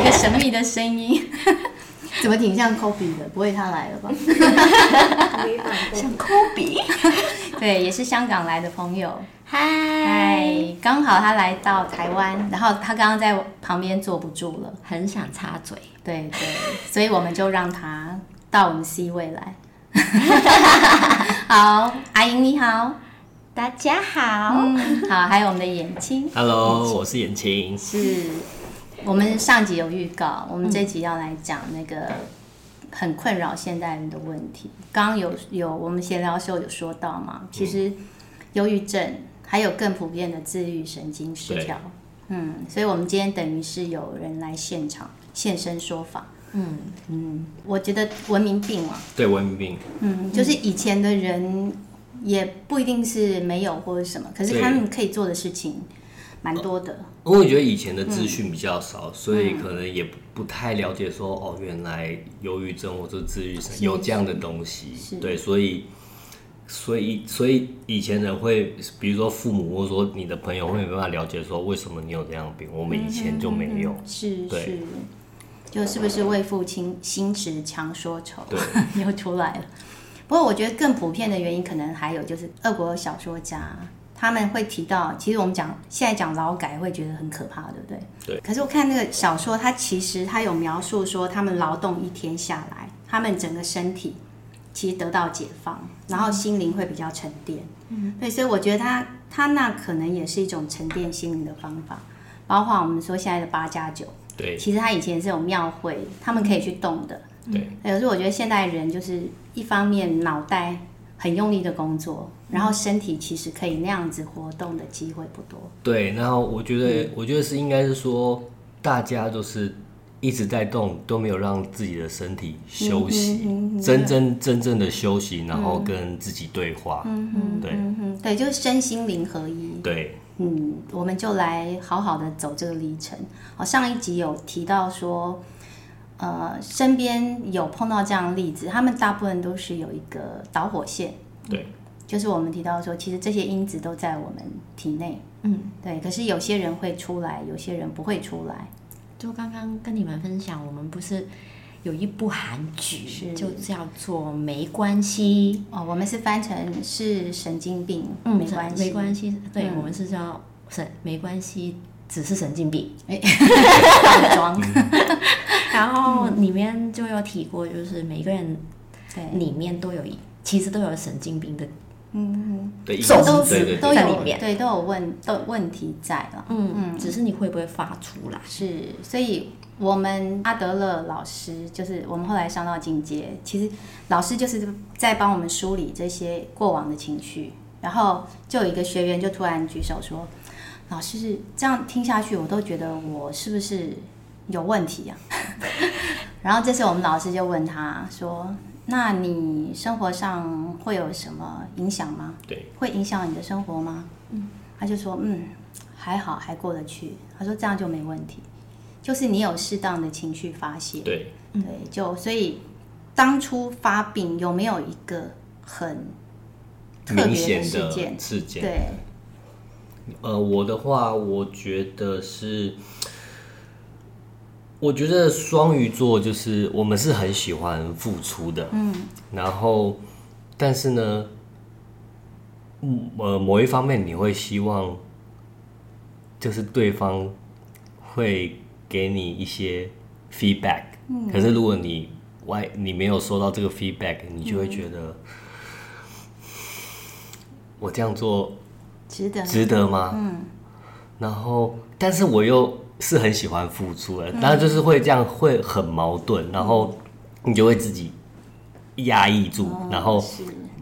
一個神秘的聲音， 怎麼挺像 Kobe 的？不會他來了吧？ 像 Kobe， 對，也是香港來的朋友。嗨 Hi，剛好他來到台灣，然後他剛剛在旁邊坐不住了，很想插嘴。對對，所以我們就讓他到我們 C 位來。 好，阿瑩你好，大家好、嗯，好，還有我們的琰青。Hello，我是琰青。是。我們上集有預告，我們這集要來講那個很困擾現代人的問題。剛剛有有我們閒聊時候有說到嘛，其實憂鬱症還有更普遍的自律神經失調。對嗯，所以我們今天等於是有人來現場現身說法。嗯嗯，我覺得文明病嘛、啊。對，文明病。嗯，就是以前的人也不一定是沒有或者什麼，可是他們可以做的事情。蠻多的，呃，我覺得以前的資訊比較少，嗯，所以可能也不太了解說，哦，原來憂鬱症或者躁鬱症有這樣的東西，對，所以所以所以以前的會，比如說父母或者說你的朋友會沒辦法了解說為什麼你有這樣病，我們以前就沒有，嗯嗯嗯，是對是，是，就是不是為賦新詞強說愁，對 又出來了。不過我覺得更普遍的原因，可能還有就是俄國小說家。他們會提到，其實我們講現在講勞改會覺得很可怕，對不對？對。可是我看那個小說，他其實他有描述說，他們勞動一天下來，他們整個身體其實得到解放，然後心靈會比較沉澱。嗯哼，對。所以我覺得他他那可能也是一種沉澱心靈的方法，包括我們說現在的八加九，對。其實他以前是有廟會，他們可以去動的。對。可是我覺得現代人就是一方面腦袋。很用力的工作，然後身體其實可以那樣子活動的機會不多。嗯，對，然後我覺得，我覺得是應該是說，大家就是一直在動，都沒有讓自己的身體休息，嗯、哼哼哼真正，對真正的休息，然後跟自己對話。嗯嗯，對對，就是身心靈合一。對，嗯，我們就來好好的走這個歷程。好，上一集有提到說。呃，身邊有碰到這樣的例子，他們大部分都是有一個導火線。對，就是我們提到說，其實這些因子都在我們體內。嗯，對。可是有些人會出來，有些人不會出來。就剛剛跟你們分享，我們不是有一部韓劇，就叫做《沒關係》。哦，我們是翻成是神經病。嗯，沒關係，沒關係。對，我們是叫神沒關係，只是神經病。哎，化妝。然後裡面就有提過，就是每個人，對裡面都有一，嗯、其實都有神經病的，嗯，對一個都對對對都有對都有問都有問題在了，嗯，嗯只是你會不會發出來？是，所以我們阿德勒老師就是我們後來上到進階，其實老師就是在幫我們梳理這些過往的情緒，然後就有一個學員就突然舉手說：“老師這樣聽下去，我都覺得我是不是？”有問題呀、啊， 然後這次我們老師就問他說：“那你生活上會有什麼影響嗎？對，會影響你的生活嗎？”嗯、他就說：“嗯，還好，還過得去。”他說：“這樣就沒問題，就是你有適當的情緒發泄。對”對對，就所以當初發病有沒有一個很特別的事件？明顯的事件對，呃，我的話，我覺得是。我覺得雙魚座就是我們是很喜歡付出的，嗯，然後，但是呢，呃，某一方面你會希望，就是對方會給你一些 feedback，嗯，可是如果你外你沒有收到這個 feedback，你就會覺得，嗯，我這樣做值得值得嗎？嗯，然後，但是我又。是很喜歡付出的，但就是會這樣，會很矛盾，嗯、然後你就會自己壓抑住，嗯、然後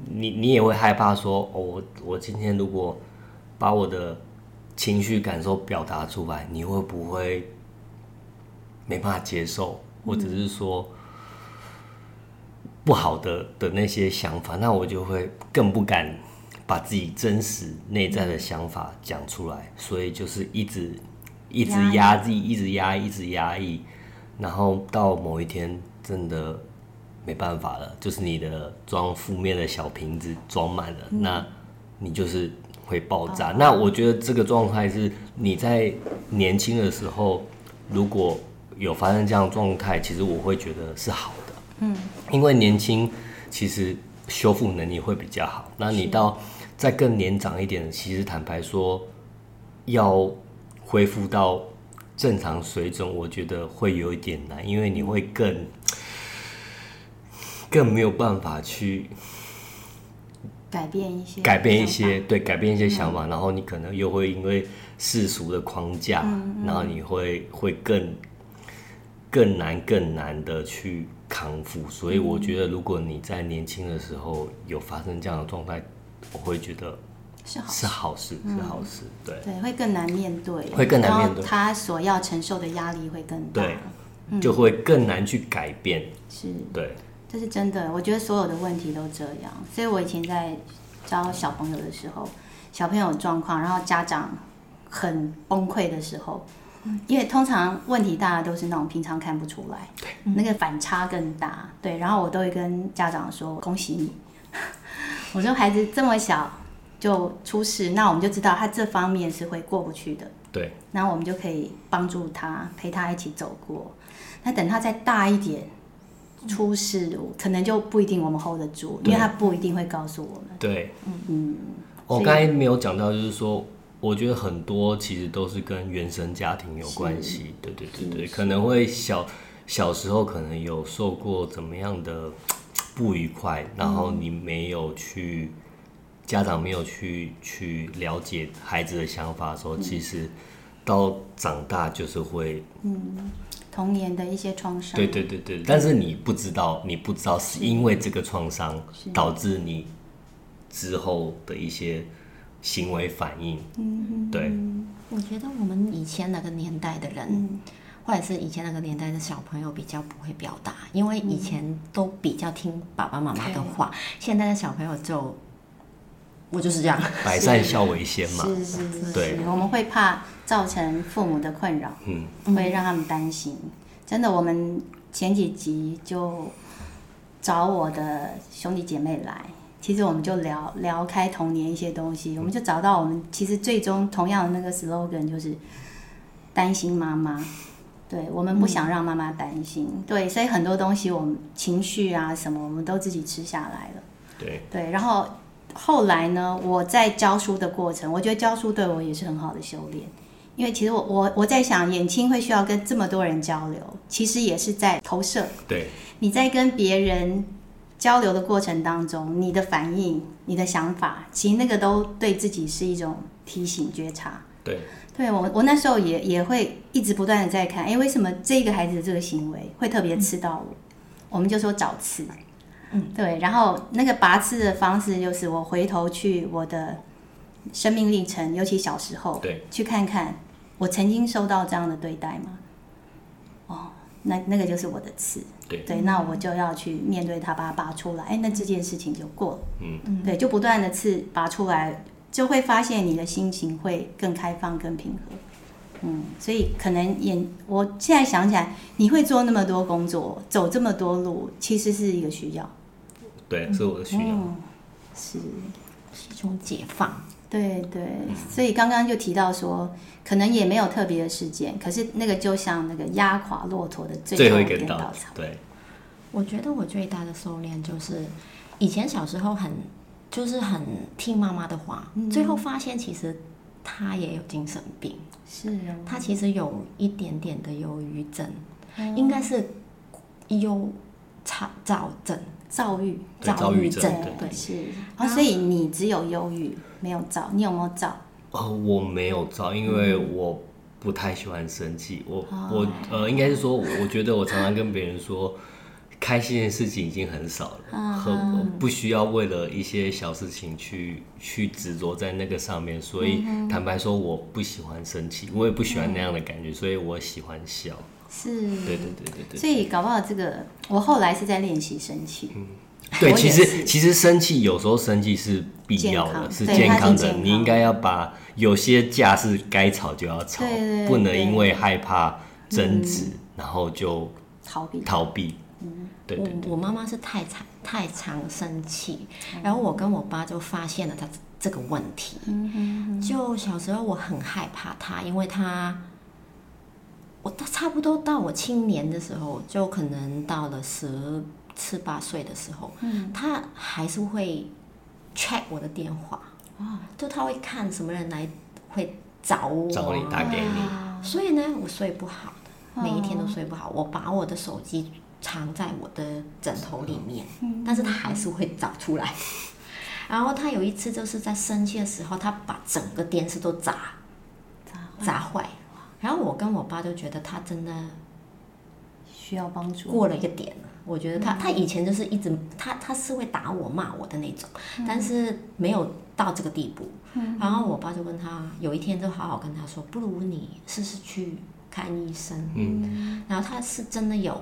你你也會害怕說，哦、我我今天如果把我的情緒感受表達出來，你會不會沒辦法接受，或者是說不好的、嗯、的那些想法，那我就會更不敢把自己真實內在的想法講出來，所以就是一直。一直壓抑，一直壓抑，一直壓抑，然後到某一天真的沒辦法了，就是你的裝負面的小瓶子裝滿了，那，你就是會爆炸。那我覺得這個狀態是你在年輕的時候如果有發生這樣狀態，其實我會覺得是好的。嗯，因為年輕其實修復能力會比較好。那你到再更年長一點，其實坦白說要。恢復到正常水準，我覺得會有一點難，因為你會更更沒有辦法去改變一些，改變一些，一些對，改變一些想法，嗯，然後你可能又會因為世俗的框架，嗯嗯，然後你會會更更難、更難的去康復。所以，我覺得如果你在年輕的時候有發生這樣的狀態，我會覺得。是好事，是好事，對。會更難面對。會更難面對。然後他所要承受的壓力會更大。對，嗯、就會更難去改變。是，對，這是真的。我覺得所有的問題都這樣。所以我以前在教小朋友的時候，小朋友狀況，然後家長很崩潰的時候，因為通常問題大家都是那種平常看不出來，對那個反差更大。對，然後我都會跟家長說：“恭喜你，我說孩子這麼小。”就出事，那我們就知道他這方面是會過不去的。對。那我們就可以幫助他，陪他一起走過。那等他再大一點，出事、嗯、可能就不一定我們 hold 得住，對因為他不一定會告訴我們。對。嗯。我剛才沒有講到，就是說，我覺得很多其實都是跟原生家庭有關係。是對對對對。是可能會小小時候可能有受過怎麼樣的不愉快，嗯、然後你沒有去。家長沒有去去了解孩子的想法的時候，嗯、其實到長大就是會，嗯，童年的一些創傷。對對對對，但是你不知道，你不知道是因為這個創傷導致你之後的一些行為反應。對。我覺得我們以前那個年代的人，或者、嗯、是以前那個年代的小朋友比較不會表達，因為以前都比較聽爸爸媽媽的話，嗯、現在的小朋友就。我就是這樣，是百善孝為先嘛。是，是是是，對，我們會怕造成父母的困擾，嗯，會讓他們擔心。嗯、真的，我們前幾集就找我的兄弟姐妹來，其實我們就聊聊開童年一些東西，我們就找到我們其實最終同樣的那個 slogan 就是擔心媽媽，對，我們不想讓媽媽擔心，嗯、對，所以很多東西我們情緒啊什麼我們都自己吃下來了，對對，然後。後來呢，我在教書的過程，我覺得教書對我也是很好的修煉。因為其實我我我在想，琰青會需要跟這麼多人交流，其實也是在投射。對，你在跟別人交流的過程當中，你的反應、你的想法，其實那個都對自己是一種提醒、覺察。對，對，我我那時候也也會一直不斷的在看，誒，為什麼這個孩子的這個行為會特別刺到我？嗯、我們就說找刺。嗯，對，然後那個拔刺的方式就是我回頭去我的生命歷程，尤其小時候，對去看看我曾經受到這樣的對待嘛。哦，那那個就是我的刺，對，對，那我就要去面對它，把它拔出來。哎，那這件事情就過了。嗯，對，就不斷的刺拔出來，就會發現你的心情會更開放、更平和。嗯，所以可能也，我現在想起來，你會做那麼多工作，走這麼多路，其實是一個需要。對，是我的需要，嗯哦，是是一種解放。對對，對嗯、所以剛剛就提到說，可能也沒有特別的事件，可是那個就像那個壓垮駱駝的最，最後一根稻草。對，我覺得我最大的收斂就是，以前小時候很就是很聽媽媽的話，嗯、最後發現其實她也有精神病，是、哦，啊，她其實有一點點的憂鬱症，嗯、應該是憂躁症。躁鬱，對躁鬱症，對，是。然、哦、所以你只有憂鬱，沒有躁，你有沒有躁？哦、呃，我沒有躁，因為我不太喜歡生氣。嗯、我，我，呃，應該是說，我覺得我常常跟別人說， 開心的事情已經很少了，嗯、和不需要為了一些小事情去去執着在那個上面。所以，坦白說，我不喜歡生氣，我也不喜歡那樣的感覺，嗯、所以我喜歡笑。是對對對對，所以搞不好這個，我後來是在練習生氣。對，其實其實生氣有時候生氣是必要的，是健康的。你應該要把有些架，是該吵就要吵，不能因為害怕爭執然後就逃避逃避。對對對。我媽媽是太常太常生氣，然後我跟我爸就發現了她這個問題。就小時候我很害怕她，因為她。我差不多到我青年的時候，就可能到了十七八歲的時候，嗯，他還是會 check 我的電話，哦、就他會看什麼人來會找我，找你打給你。所以呢，我睡不好，哦、每一天都睡不好。我把我的手機藏在我的枕頭裡面，嗯、但是他還是會找出來。 然後他有一次就是在生氣的時候，他把整個電視都砸，砸砸壞，砸壞。然後我跟我爸就覺得他真的需要幫助，過了一個點，我覺得他、嗯、他以前就是一直他他是會打我罵我的那種，嗯、但是沒有到這個地步。嗯、然後我爸就問他，有一天就好好跟他說，嗯、不如你試試去看醫生。嗯、然後他是真的有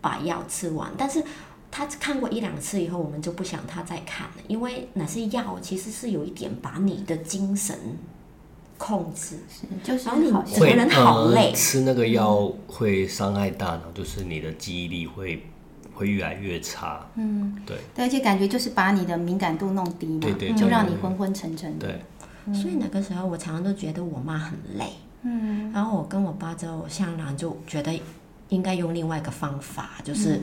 把藥吃完，但是他看過一兩次以後，我們就不想他再看了，因為那些藥其實是有一點把你的精神。控制是，就是好,像人好累會、嗯、吃那個藥會傷害大腦，嗯、就是你的記憶力會會越來越差，嗯，對，而且感覺就是把你的敏感度弄低嘛，嗯、就讓你昏昏沉沉的、嗯，對，所以那個時候我常常都覺得我媽很累，嗯，然後我跟我爸就想，南就覺得應該用另外一個方法，就是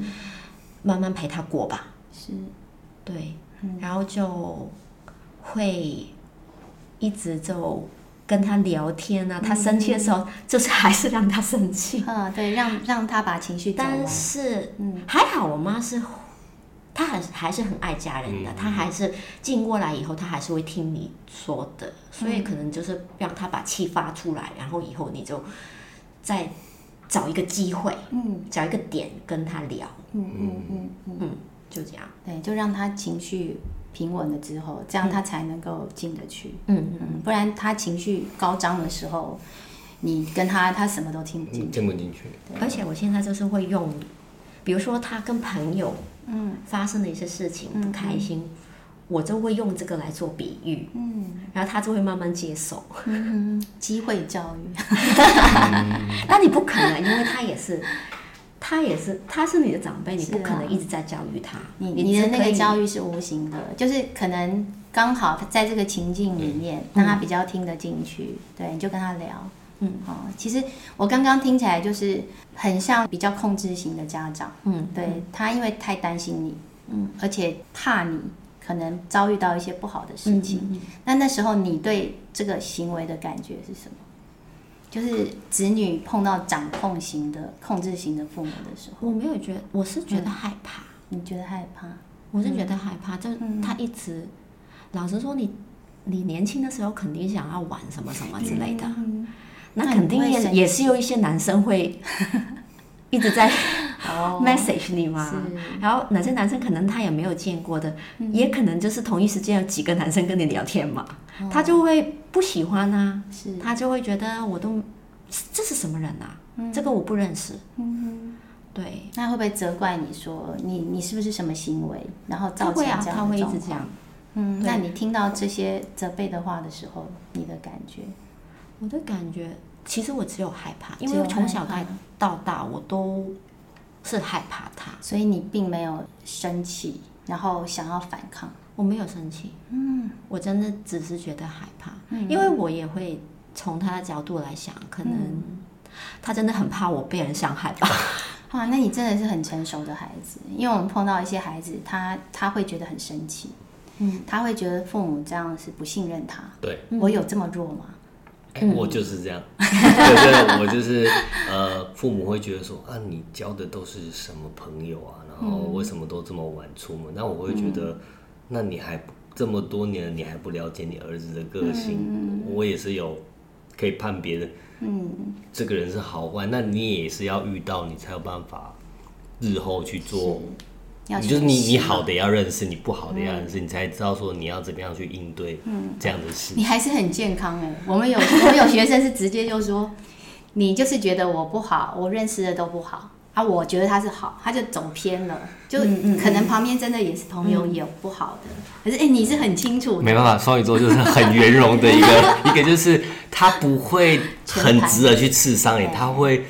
慢慢陪他過吧，是，對，然後就會一直就。跟他聊天啊，他生氣的時候，就是還是讓他生氣。啊對，讓讓他把情緒。但是，嗯，還好我媽是，她還是還是很愛家人的，她還是進過來以後，她還是會聽你說的。所以，可能就是讓他把氣發出來，然後以後你就再找一個機會，嗯，找一個點跟他聊，嗯嗯嗯嗯，就這樣，對，就讓他情緒平穩了之後，這樣他才能夠進得去。嗯嗯，嗯，不然他情緒高漲的時候，你跟他他什麼都聽不進去，不進去。啊、而且我現在就是會用，比如說他跟朋友嗯發生的一些事情不、嗯、開心，我就會用這個來做比喻，嗯，然後他就會慢慢接受。嗯、 機會教育， 嗯、 那你不可能，因為他也是。他也是，他是你的長輩，你不可能一直在教育他。啊、你你的那個教育是無形的，是就是可能剛好他在這個情境裡面，讓他比較聽得進去。嗯、對，你就跟他聊，嗯啊、嗯哦。其實我剛剛聽起來就是很像比較控制型的家長，嗯，對嗯他因為太擔心你，嗯，而且怕你可能遭遇到一些不好的事情。嗯嗯、那那時候你對這個行為的感覺是什麼？就是子女碰到掌控型的、控制型的父母的時候，我沒有覺得，我是覺得害怕。嗯、你覺得害怕？我是覺得害怕，嗯、就是他一直，嗯、老實說你，你你年輕的時候肯定想要玩什麼什麼之類的，嗯、那肯定也也是有一些男生會、嗯。 一直在 message 你嗎？然後哪些男生可能他也沒有見過的，也可能就是同一時間有幾個男生跟你聊天嘛，他就會不喜歡啊，他就會覺得我都這是什麼人啊，這個我不認識。嗯對，那會不會責怪你說你你是不是什麼行為，然後造成這樣的狀況，他會一直講。嗯，那你聽到這些責備的話的時候，你的感覺？我的感覺。其實我只有害怕，因為我從小到大，到大我都是害怕他，所以你並沒有生氣，然後想要反抗？我沒有生氣，嗯，我真的只是覺得害怕，嗯，因為我也會從他的角度來想，可能他真的很怕我被人傷害吧。哇，嗯 啊，那你真的是很成熟的孩子，因為我們碰到一些孩子，他他會覺得很生氣，嗯，他會覺得父母這樣是不信任他，對，我有這麼弱嗎？嗯嗯、我就是這樣，對不對，對？我就是呃，父母會覺得說啊，你交的都是什麼朋友啊？然後為什麼都這麼晚出門？嗯、那我會覺得，那你還這麼多年，你還不了解你兒子的個性？嗯、我也是有可以判別的，嗯，這個人是好壞？那你也是要遇到，你才有辦法日後去做。你就是你，你好的也要認識，你不好的也要認識，嗯、你才知道說你要怎麼樣去應對這樣的事。嗯、你還是很健康的。我們有我們有學生是直接就說， 你就是覺得我不好，我認識的都不好啊，我覺得他是好，他就走偏了，就可能旁邊真的也是朋友也不好的，嗯、可是哎、欸、你是很清楚的。沒辦法，雙魚座就是很圓融的一個， 一個就是他不會很值得去刺傷你，他會。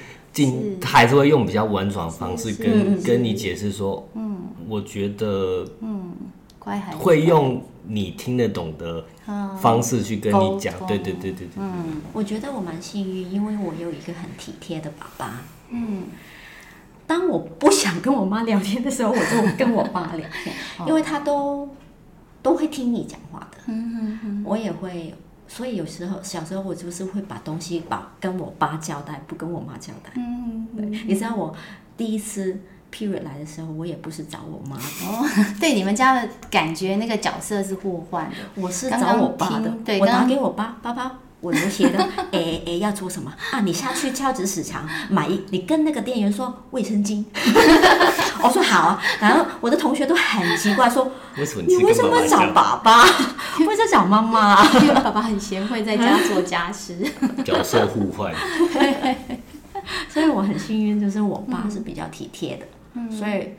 他還是會用比較婉轉的方式跟是是是跟你解釋說，嗯，是我覺得，嗯，乖孩子會用你聽得懂的方式去跟你講，對對對對對，嗯，我覺得我蠻幸運，因為我有一個很體貼的爸爸，嗯，當我不想跟我媽聊天的時候，我就跟我爸聊天， 因為他都都會聽你講話的，嗯、哼哼我也會。所以有時候小時候我就是會把東西把跟我爸交代，不跟我媽交代。嗯，對。你知道我第一次 period 來的時候，我也不是找我媽。哦， 對，你們家的感覺那個角色是互換的。剛剛我是找我爸的，對，我拿給我爸，爸爸剛，我寫的，哎哎、 欸欸，要做什麼啊？你下去敲紙市場買，你跟那個店員說衛生巾。 我說、哦、好，啊，然後我的同學都很奇怪，說為你，媽媽你為什麼找爸爸， 為什麼找媽媽？因為爸爸很賢惠，在家做家事。 角色互換，所以我很幸運，就是我爸是比較體貼的，嗯、所以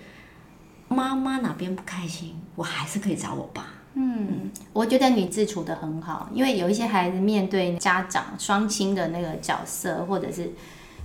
媽媽哪邊不開心，我還是可以找我爸。嗯，我覺得你自處得很好，因為有一些孩子面對家長雙親的那個角色，或者是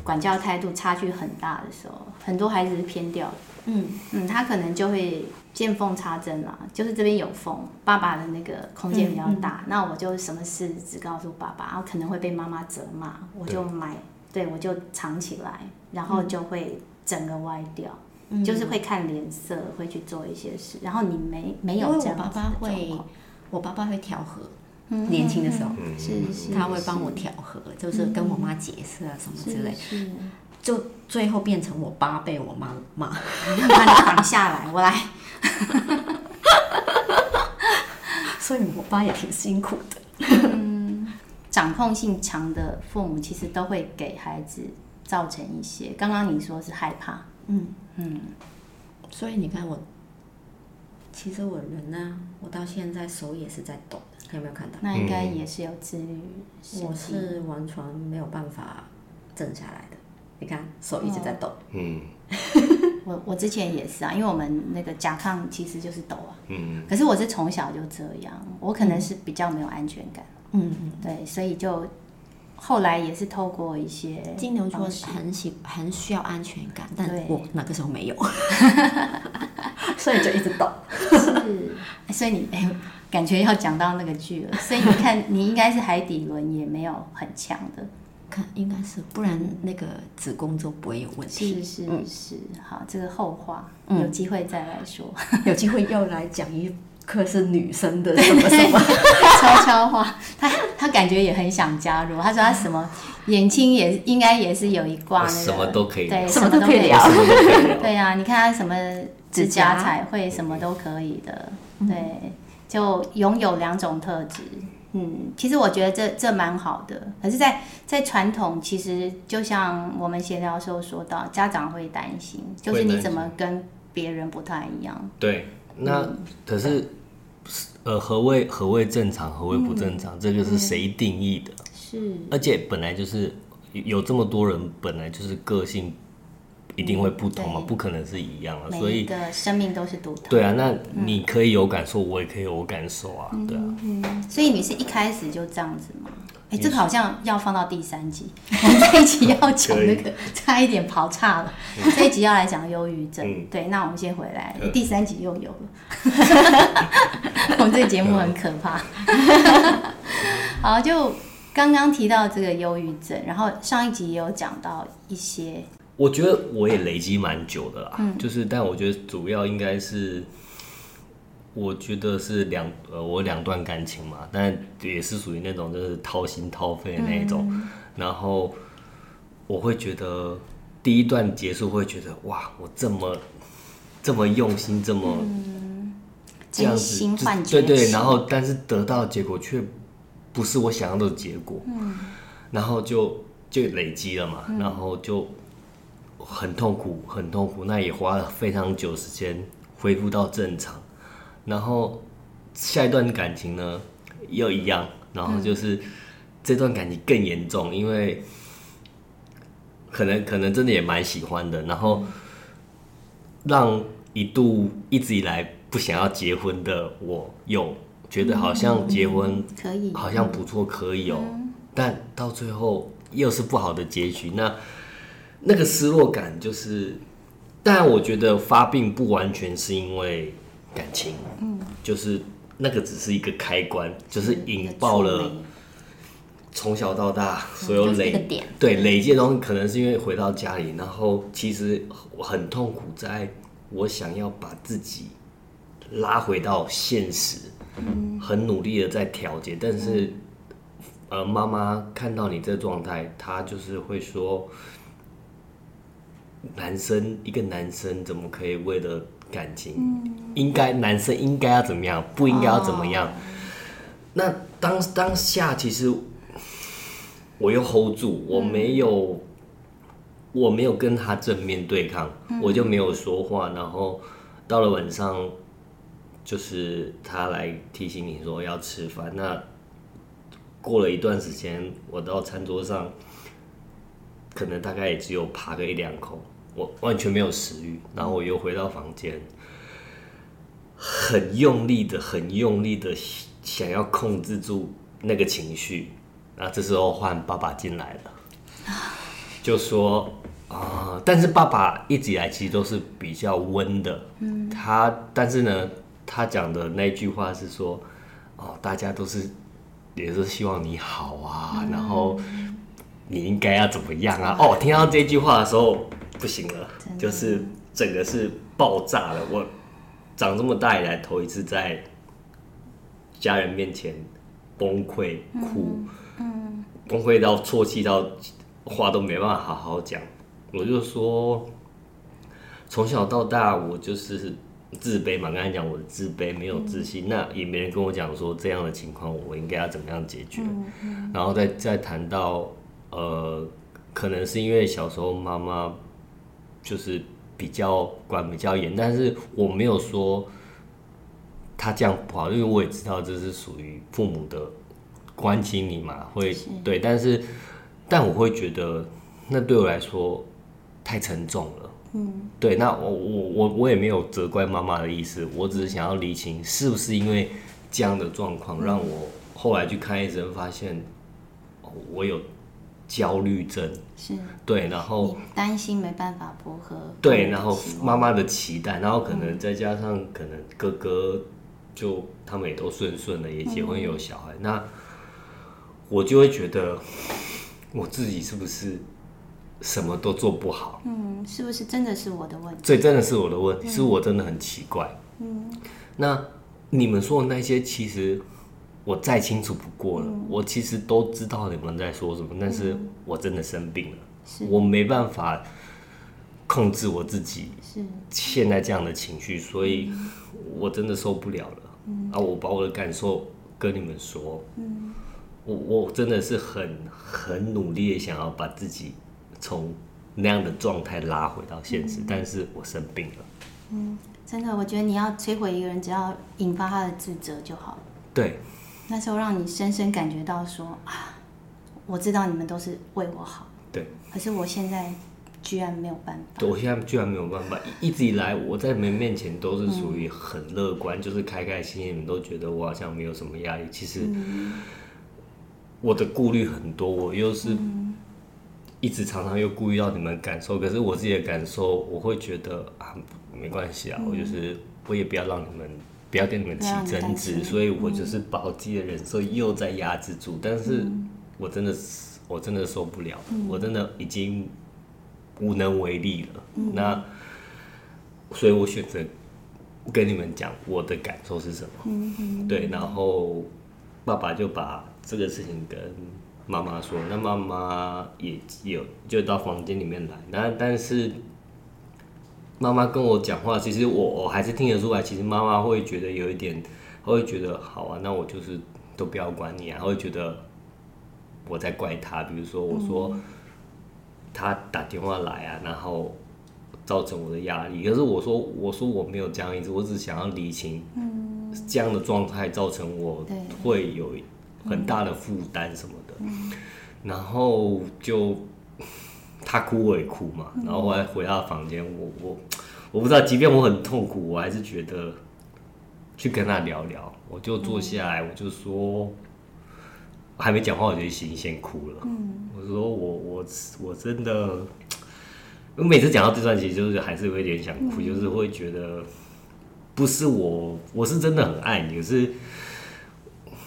管教態度差距很大的時候，很多孩子是偏掉。嗯嗯，他可能就會見縫插針啦、啊。就是這邊有縫，爸爸的那個空間比較大，嗯嗯、那我就什麼事只告訴爸爸，我、啊、可能會被媽媽責罵，對我就買，對我就藏起來，然後就會整個歪掉，嗯、就是會看臉色，會去做一些事，然後你沒沒有這樣子的狀況？我爸爸會我爸爸會調和，年輕的時候，是、嗯嗯嗯、是，是他會幫我調和，嗯、就是跟我媽解釋啊什麼之類。就最後變成我爸被我媽罵，把 你扛下來，我來。 所以我爸也挺辛苦的。 嗯、掌控性強的父母其實都會給孩子造成一些，剛剛你說是害怕，嗯嗯。所以你看我，其實我人呢、啊，我到現在手也是在抖的，你有沒有看到？嗯、那應該也是有自律。我是完全沒有辦法整下來的。你看手一直在抖。嗯， 我我之前也是啊，因為我們那個甲亢其實就是抖啊。嗯，可是我是從小就這樣，我可能是比較沒有安全感。嗯，對，所以就後來也是透過一些，金牛座是很喜很需要安全感，但我那個時候沒有，對 所以就一直抖。是。所以你哎、欸，感覺要講到那個句了，所以你看你應該是海底輪也沒有很強的。應該是，不然那個子宮就不會有問題。是是是，好，這個後話，有機會再來說。有機會又來講一課，是女生的什麼什麼悄悄話。他他感覺也很想加入，他說他什麼眼睛也應該也是有一卦的，什麼都可以，對，什麼都可以聊，對啊，你看他什麼指甲彩繪什麼都可以的，對，就擁有兩種特質。嗯，其實我覺得這這蠻好的，可是在，在在傳統，其實就像我們閒聊時候說到，家長會擔心，會擔心，就是你怎麼跟別人不太一樣。對，那、嗯、可是呃，何謂何謂正常，何謂不正常，嗯、這就是誰定義的？嗯、是，而且本來就是有這麼多人，本來就是個性。一定會不同嘛？不可能是一樣，所以的生命都是獨特。對啊，那你可以有感受，我也可以有感受啊。對啊，所以你是一開始就這樣子嗎？哎，這個好像要放到第三集，我們這一集要講那個，差一點跑岔了。這一集要來講憂鬱症，對，那我們先回來，第三集又有了。我們這個節目很可怕。好，就剛剛提到這個憂鬱症，然後上一集也有講到一些。我覺得我也累積蠻久的啦，就是，但我覺得主要應該是，我覺得是兩呃，我兩段感情嘛，但也是屬於那種就是掏心掏肺的那一種，然後我會覺得第一段結束會覺得哇，我這麼這麼用心，這麼這樣子，對對，對，然後但是得到的結果却不是我想要的結果，然後就就累積了嘛，然後就。很痛苦，很痛苦，那也花了非常久時間恢復到正常，然後下一段感情呢，又一樣，然後就是、嗯、這段感情更嚴重，因為可能可能真的也蠻喜歡的，然後讓一度一直以來不想要結婚的我，又覺得好像結婚、嗯嗯、可以，好像不錯，可以哦、喔，嗯、但到最後又是不好的結局，那。那個失落感就是，但我覺得發病不完全是因為感情，嗯，就是那個只是一個開關，就是引爆了從小到大所有累，對，累積的東西可能是因為回到家裡，然後其實我很痛苦，在我想要把自己拉回到現實，嗯，很努力的在調節，但是呃，媽媽看到你這狀態，她就是會說，男生，一個男生怎麼可以為了感情？嗯、應該男生應該要怎麼樣？不應該要怎麼樣？哦、那當當下其實我又 hold 住，我沒有，嗯、我沒有跟他正面對抗，我就沒有說話。嗯、然後到了晚上，就是他來提醒你說要吃飯。那過了一段時間，我到餐桌上，可能大概也只有扒個一兩口。我完全沒有食欲，然後我又回到房間，很用力的、很用力的想要控制住那個情緒。然後這時候換爸爸進來了，就說：“啊、呃，但是爸爸一直以來其實都是比較溫的，嗯、他但是呢，他講的那句話是說：‘哦，大家都是也是希望你好啊，嗯、然後你應該要怎麼樣啊？’哦，聽到這句話的時候。”不行了，的就是整個是爆炸了。我長這麼大以來頭一次在家人面前崩潰哭，嗯嗯、崩潰到啜泣到話都沒辦法好好講。我就說，從小到大我就是自卑嘛，剛才講我的自卑，沒有自信，嗯、那也沒人跟我講說這樣的情況我應該要怎麼樣解決。嗯嗯、然後再再談到，呃，可能是因為小時候媽媽。就是比較管比較嚴，但是我沒有說他這樣不好，因為我也知道這是屬於父母的關心你嘛，會是對，但是但我會覺得那對我來說太沉重了，嗯，對，那我我我我也沒有責怪媽媽的意思，我只是想要理清是不是因為這樣的狀況、嗯、讓我後來去看醫生，發現我有。焦慮症是，對，然後擔心沒辦法補課，對，然後媽媽的期待，嗯、然後可能再加上可能哥哥就他們也都順順的，也結婚有小孩，嗯、那我就會覺得我自己是不是什麼都做不好？嗯，是不是真的是我的問題？對，真的是我的問題，是我真的很奇怪。嗯，那你們說的那些其實。我再清楚不過了，嗯、我其實都知道你們在說什麼，嗯、但是我真的生病了，是我沒辦法控制我自己，是現在這樣的情緒，是所以我真的受不了了。然後、嗯啊、我把我的感受跟你們說，嗯，我我真的是很很努力的想要把自己從那樣的狀態拉回到現實，嗯、但是我生病了，嗯，真的，我覺得你要摧毀一個人，只要引發他的自責就好了，對。那時候讓你深深感覺到說啊，我知道你們都是為我好，對。可是我現在居然沒有辦法。對，我現在居然沒有辦法。一直以來我在你們面前都是屬於很樂觀，嗯、就是開開心心，你們都覺得我好像沒有什麼壓力。其實我的顧慮很多，我又是一直常常又顧慮到你們的感受。可是我自己的感受，我會覺得啊，沒關係啊，嗯、我就是我也不要讓你們。不要跟你們起爭執，所以我就是把自己的所以、嗯、又在壓製住，但是我真的是，我真的受不了、了，嗯、我真的已經無能為力了。嗯、那，所以我選擇跟你們講我的感受是什麼。嗯嗯、對，然後爸爸就把這個事情跟媽媽說，那媽媽也有就到房間裡面來，那但是。媽媽跟我講話，其實我我還是聽得出來。其實媽媽會覺得有一點，會覺得好啊，那我就是都不要管你啊，會覺得我在怪他。比如說，我說他打電話來啊，然後造成我的壓力。可是我說，我說我沒有這樣意思，我只想要理清這樣的狀態，造成我會有很大的負擔什麼的。然後就。他哭我也哭嘛，然後我還回到房間，嗯、我我我不知道，即便我很痛苦，我還是覺得去跟他聊聊。我就坐下來，我就說，嗯、還沒講話我就先先哭了。嗯，我說我我我真的，我每次講到這段，其實就是還是有一點想哭，嗯、就是會覺得不是我，我是真的很愛你，就是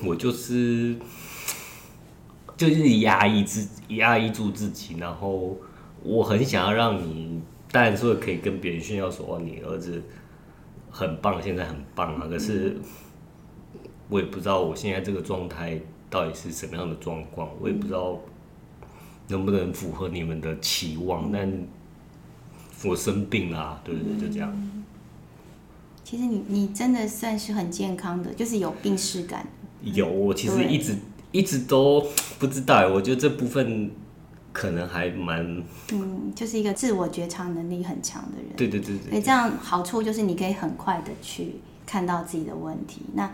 我就是。就是壓抑自，壓抑住自己，然後我很想要讓你，當然說可以跟別人炫耀說，你兒子很棒，現在很棒啊。可是我也不知道我現在這個狀態到底是什麼樣的狀況，我也不知道能不能符合你們的期望。但我生病了啊，對不對？嗯，就這樣。其實你你真的算是很健康的，就是有病恥感。有，我其實一直。一直都不知道，我覺得這部分可能還蠻……嗯，就是一個自我覺察能力很強的人。對對對對，對，對、欸，這樣好處就是你可以很快的去看到自己的問題。那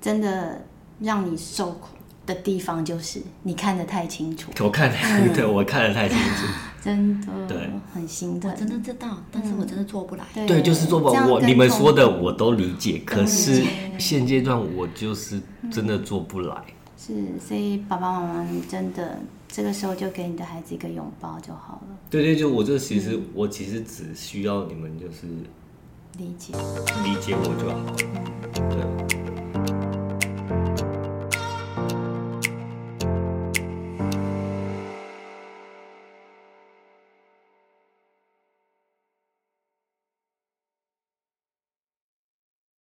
真的讓你受苦的地方就是你看得太清楚。我看得對，我看得太清楚， 真的對，很心疼。我真的知道，但是我真的做不來。嗯、對，就是做不來。我你們說的我都理解，可是現階段我就是真的做不來。嗯是，所以爸爸媽媽真的這個時候就給你的孩子一個擁抱就好了。對對，就我這其實、嗯、我其實只需要你們就是理解，理解我就好了。對。